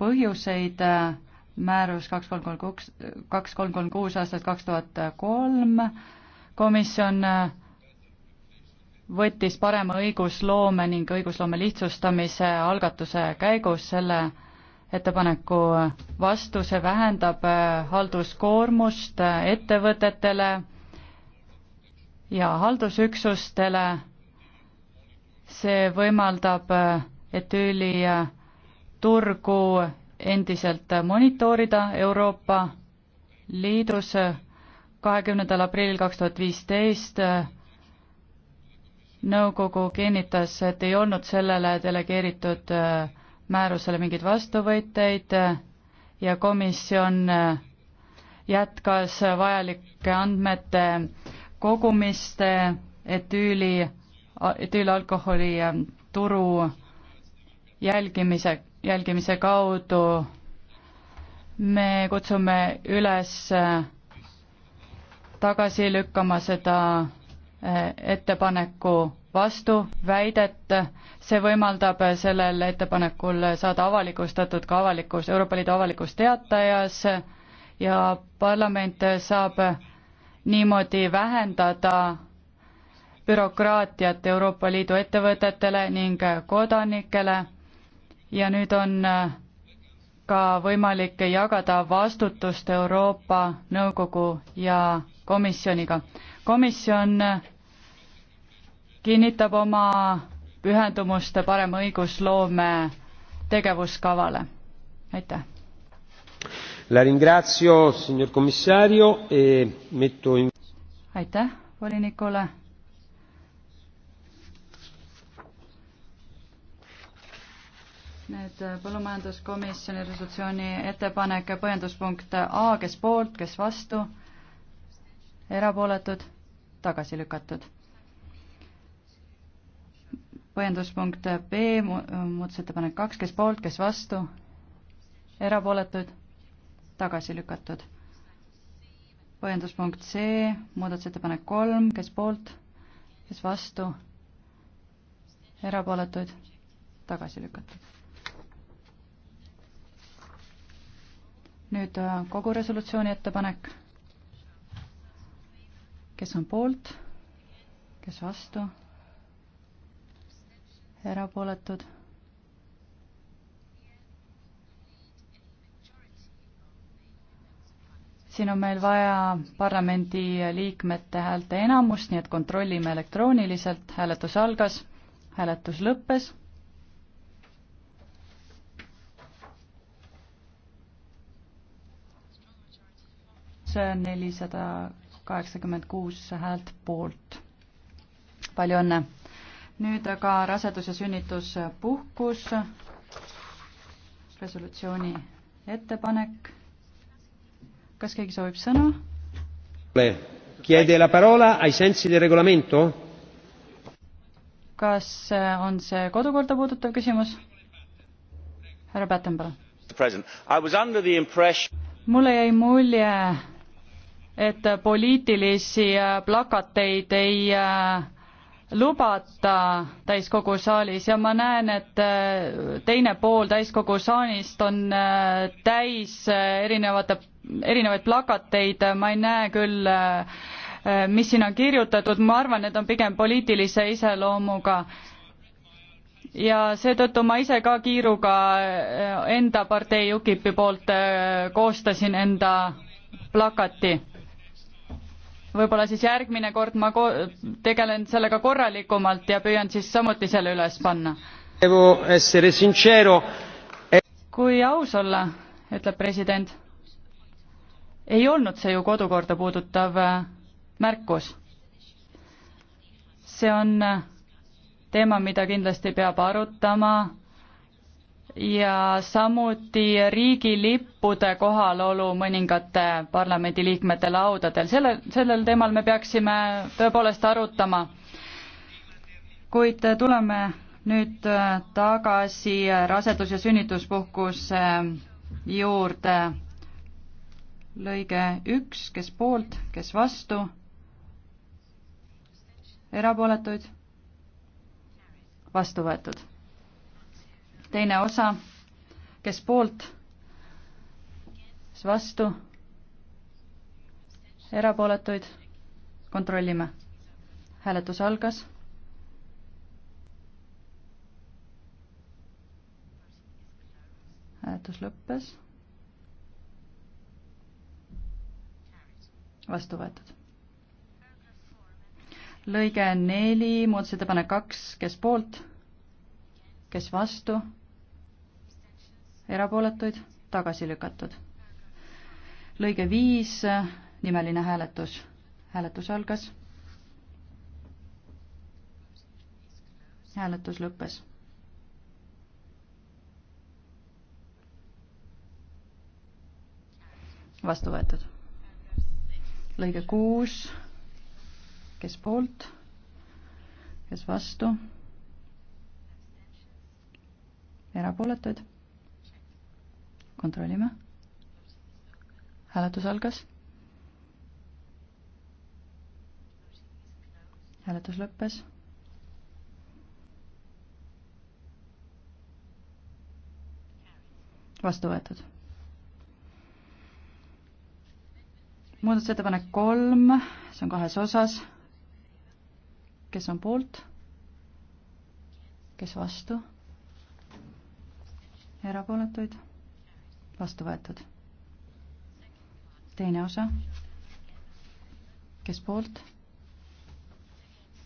põhjuseid äh, määrus kaks kolm kolm kuus, kaks kolm kolm kuus aastast kaks tuhat kolm. komisjon võttis parema õigusloome ning õigusloome lihtsustamise algatuse käigus selle ettepaneku vastu, see vähendab äh, halduskoormust äh, ettevõtetele ja haldusüksustele, see võimaldab äh, etüüli turgu endiselt monitoorida Euroopa Liidus kahekümnendal aprillil kaks tuhat viisteist nõukogu kinnitas, et ei olnud sellele delegeeritud äh, määrusele mingeid vastuvõtteid ja komisjon äh, jätkas vajalike andmete kogumiste etüüli, etüülalkoholi äh, turu jälgimise jälgimise kaudu me kutsume üles äh, tagasi lükkama seda äh, ettepaneku vastuväidet, see võimaldab äh, sellel ettepanekul saada avalikustatud ka avalikus, Euroopa Liidu avalikus teatajas ja parlament saab niimoodi vähendada bürokraatiat Euroopa Liidu ettevõtetele ning kodanikele ja nüüd on äh, ka võimalik jagada vastutust Euroopa Nõukogu ja komisjoniga. komisjon äh, kinnitab oma pühendumust parema õigusloome tegevuskavale. aitäh! La ringrazio, signor commissario, e metto in... aitäh volinikule nüüd äh, põllumajanduskomisjoni resolutsiooni ettepanek ja põhjenduspunkt A, kes poolt, kes vastu, erapooletud, tagasi lükatud. põhjenduspunkt B, muudatusettepanek kaks, kes poolt, kes vastu, erapooletud, tagasi lükatud. põhjenduspunkt C, muudatusettepanek kolm, kes poolt, kes vastu, erapooletud, tagasi lükatud nüüd äh, kogu resolutsiooni ettepanek. kes on poolt, kes vastu, erapooletud siin on meil vaja parlamendi liikmete häälte enamust, nii et kontrollime elektrooniliselt, hääletus algas, hääletus lõppes nelisada kaheksakümmend kuus häält poolt. palju õnne! nüüd aga rasedus- ja sünnituspuhkus, resolutsiooni ettepanek. kas keegi soovib sõna? Chiede la parola ai sensi del regolamento? kas eh, on see kodukorda puudutav küsimus? härra Pätten, palun. mulle jäi mulje, et poliitilisi äh, plakateid ei äh, lubata täiskogu saalis ja ma näen, et äh, teine pool täiskogu saalist on täis erinevate, erinevaid plakateid, ma ei näe küll, mis siin on kirjutatud, ma arvan, need on pigem poliitilise iseloomuga. ja seetõttu ma ise ka kiiruga enda partei UKIP-i poolt koostasin enda plakati võib-olla siis järgmine kord ma ko tegelen sellega korralikumalt ja püüan siis samuti selle üles panna. E- kui aus olla, ütleb president, ei olnud see ju kodukorda puudutav äh, märkus. see on äh, teema, mida kindlasti peab arutama ja samuti riigilippude kohalolu mõningate parlamendiliikmete laudadel. selle, sellel teemal me peaksime tõepoolest arutama. kuid tuleme nüüd tagasi rasedus- ja sünnituspuhkuse juurde. lõige üks, kes poolt, kes vastu? erapooletuid? vastu võetud teine osa, kes poolt, kes vastu, erapooletuid, kontrollime. hääletus algas. hääletus lõppes. vastu võetud lõige neli, muudatusettepanek kaks, kes poolt, kes vastu, erapooletuid, tagasi lükatud. lõige viis, nimeline hääletus. hääletus algas. hääletus lõppes. vastu võetud. lõige kuus, kes poolt, kes vastu, erapooletuid kontrollime. hääletus algas. hääletus lõppes. vastu võetud. muudatusettepanek kolm, see on kahes osas. kes on poolt? kes vastu? erapooletuid vastu võetud. teine osa, kes poolt,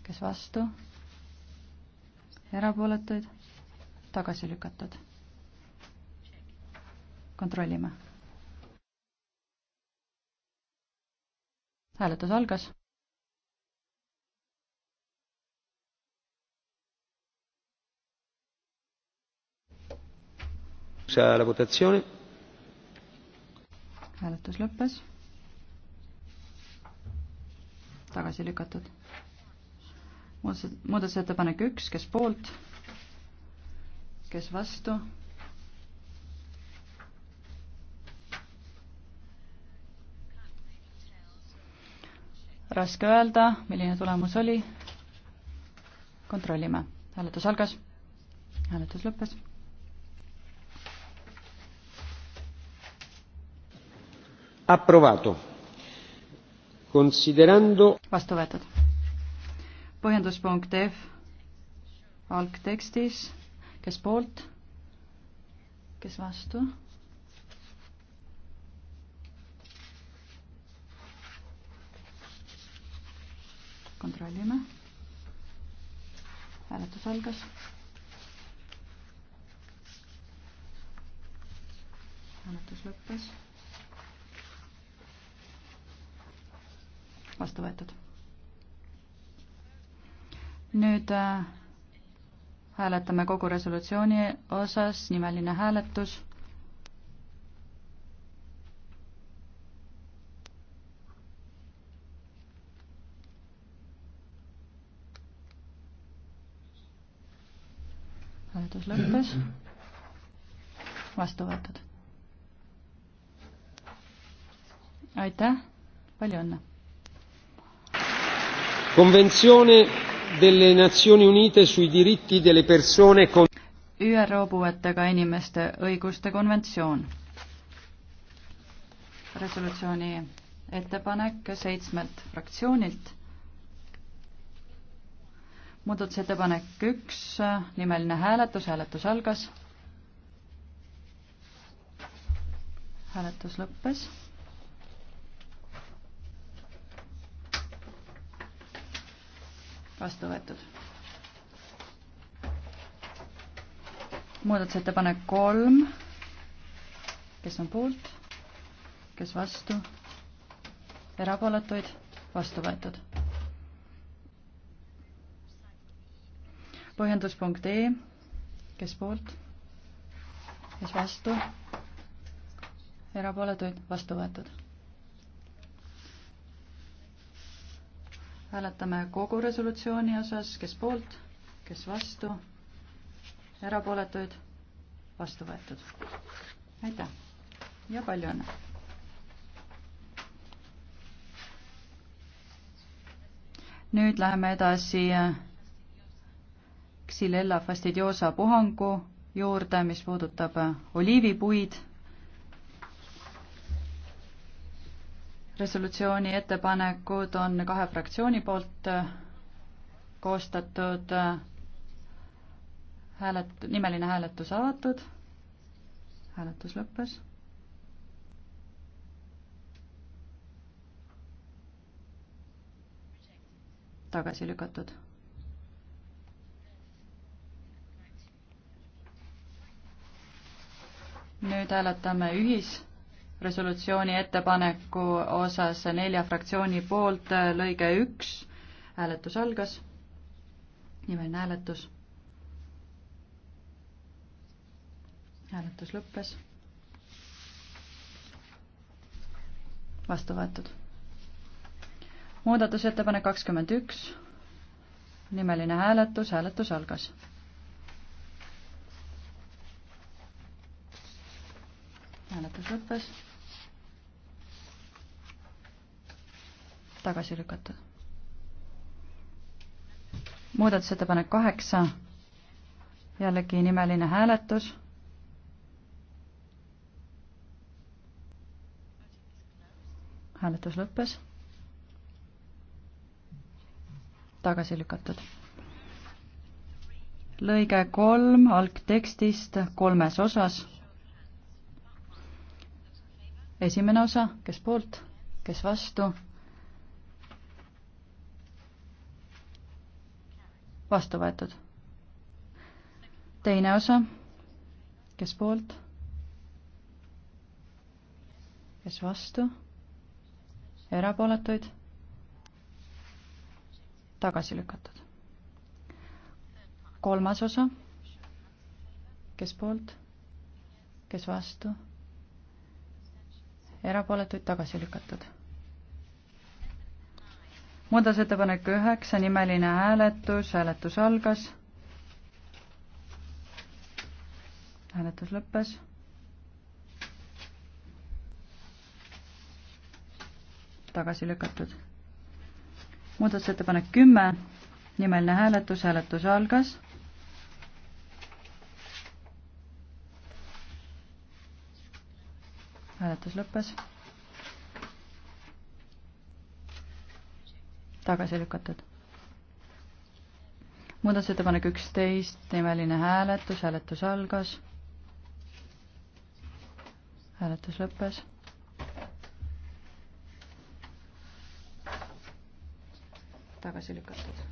kes vastu, erapooletuid, tagasi lükatud. kontrollime. hääletus algas chiusa la votazione hääletus lõppes. tagasi lükatud. muudatusettepanek üks, kes poolt, kes vastu? raske öelda, milline tulemus oli. kontrollime, hääletus algas, hääletus lõppes Approvato. Considerando vastu võetud. põhjenduspunkt F algtekstis, kes poolt, kes vastu kontrollime. hääletus algas. hääletus lõppes vastu võetud. nüüd äh, hääletame kogu resolutsiooni osas, nimeline hääletus. hääletus lõppes. vastu võetud. aitäh, palju õnne konventsioone delle Nazioni Unite sui diritti delle persone con ÜRO puuetega inimeste õiguste konventsioon. resolutsiooni ettepanek seitsmelt fraktsioonilt. muudatusettepanek üks, nimeline hääletus, hääletus algas. hääletus lõppes vastu võetud. muudatusettepanek kolm, kes on poolt, kes vastu, erapooletuid, vastu võetud. põhjenduspunkt E, kes poolt, kes vastu, erapooletuid, vastu võetud hääletame kogu resolutsiooni osas, kes poolt, kes vastu, erapooletuid, vastu võetud. aitäh ja palju õnne! nüüd läheme edasi Xylella fastidiosa puhangu juurde, mis puudutab oliivipuid resolutsiooni ettepanekud on kahe fraktsiooni poolt äh, koostatud äh, häälet-, nimeline hääletus avatud, hääletus lõppes. tagasi lükatud. nüüd hääletame ühis resolutsiooni ettepaneku osas nelja fraktsiooni poolt, lõige üks, hääletus algas, nimeline hääletus. hääletus lõppes. vastu võetud. muudatusettepanek kakskümmend üks, nimeline hääletus, hääletus algas hääletus lõppes. tagasi lükatud. muudatusettepanek kaheksa, jällegi nimeline hääletus. hääletus lõppes. tagasi lükatud. lõige kolm algtekstist kolmes osas esimene osa, kes poolt, kes vastu, vastu võetud. teine osa, kes poolt, kes vastu, erapooletuid, tagasi lükatud. kolmas osa, kes poolt, kes vastu erapooletuid tagasi lükatud. muudatusettepanek üheksa, nimeline hääletus, hääletus algas. hääletus lõppes. tagasi lükatud. muudatusettepanek kümme, nimeline hääletus, hääletus algas hääletus lõppes. tagasi lükatud. muudatusettepanek üksteist, nimeline hääletus, hääletus algas. hääletus lõppes. tagasi lükatud.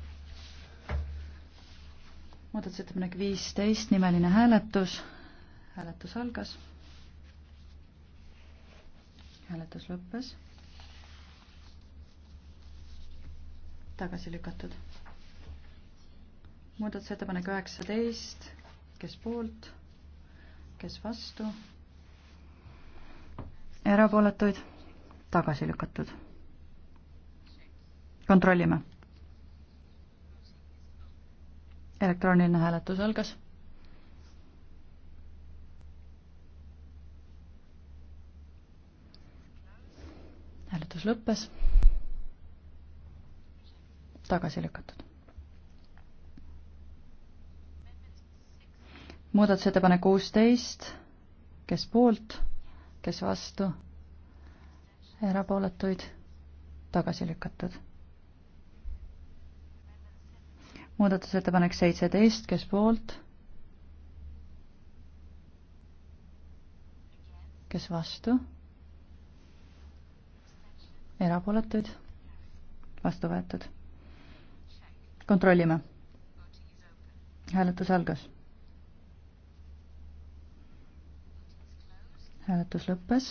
muudatusettepanek viisteist, nimeline hääletus, hääletus algas hääletus lõppes. tagasi lükatud. muudatusettepanek üheksateist, kes poolt, kes vastu? erapooletuid, tagasi lükatud. kontrollime. elektrooniline hääletus algas hääletus lõppes. tagasi lükatud. muudatusettepanek kuusteist, kes poolt, kes vastu, erapooletuid, tagasi lükatud. muudatusettepanek seitseteist, kes poolt, kes vastu erapooletuid, vastu võetud. kontrollime. hääletus algas. hääletus lõppes.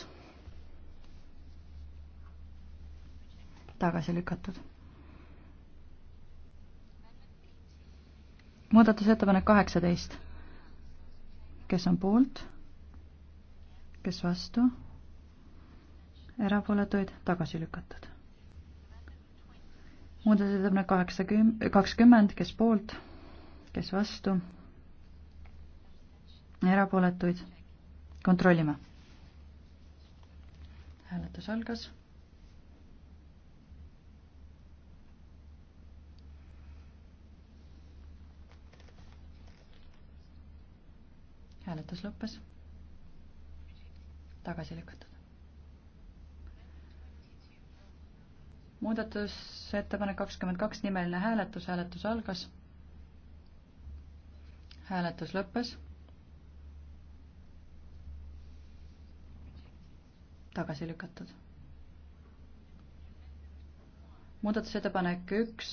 tagasi lükatud. muudatusettepanek kaheksateist. kes on poolt? kes vastu? erapooletuid tagasi lükatud. muudatusettepanek kaheksakümmend, kakskümmend, kes poolt, kes vastu, erapooletuid kontrollime. hääletus algas. hääletus lõppes. tagasi lükatud. muudatusettepanek kakskümmend kaks, nimeline hääletus, hääletus algas. hääletus lõppes. tagasi lükatud. muudatusettepanek üks,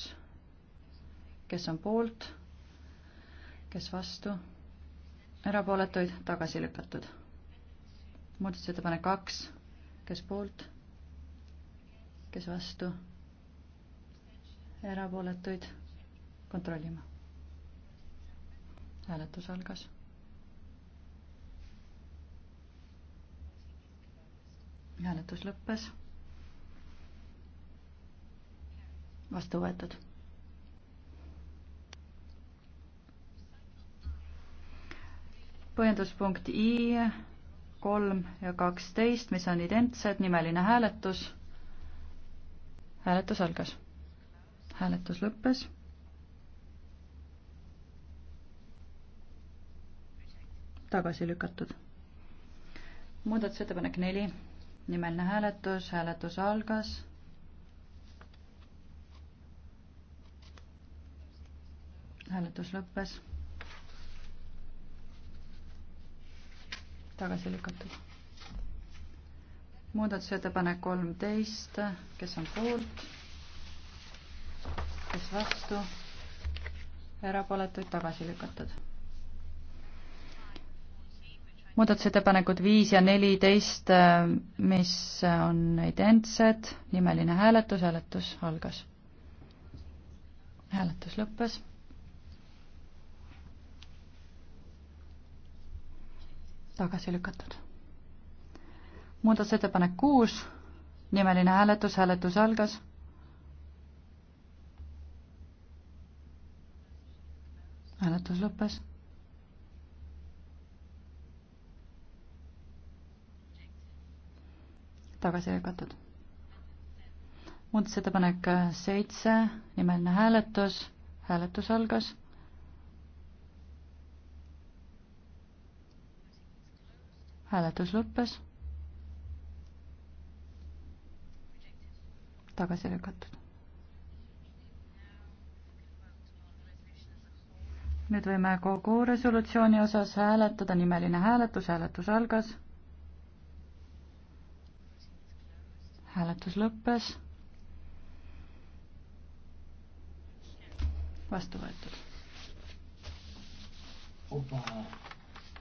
kes on poolt, kes vastu, erapooletuid tagasi lükatud. muudatusettepanek kaks, kes poolt kes vastu, erapooletuid kontrollima. hääletus algas. hääletus lõppes. vastu võetud. põhjenduspunkt I kolm ja kaksteist, mis on identsed, nimeline hääletus hääletus algas. hääletus lõppes. tagasi lükatud. muudatusettepanek neli, nimeline hääletus, hääletus algas. hääletus lõppes. tagasi lükatud muudatusettepanek kolmteist, kes on poolt, kes vastu, erapooletuid tagasi lükatud. muudatusettepanekud viis ja neliteist, mis on identsed, nimeline hääletus, hääletus algas. hääletus lõppes tagasi lükatud muudatusettepanek kuus, nimeline hääletus, hääletus algas. hääletus lõppes. tagasi lükatud. muudatusettepanek seitse, nimeline hääletus, hääletus algas. hääletus lõppes tagasi lükatud. nüüd võime kogu resolutsiooni osas hääletada, nimeline hääletus, hääletus algas. hääletus lõppes. vastu võetud.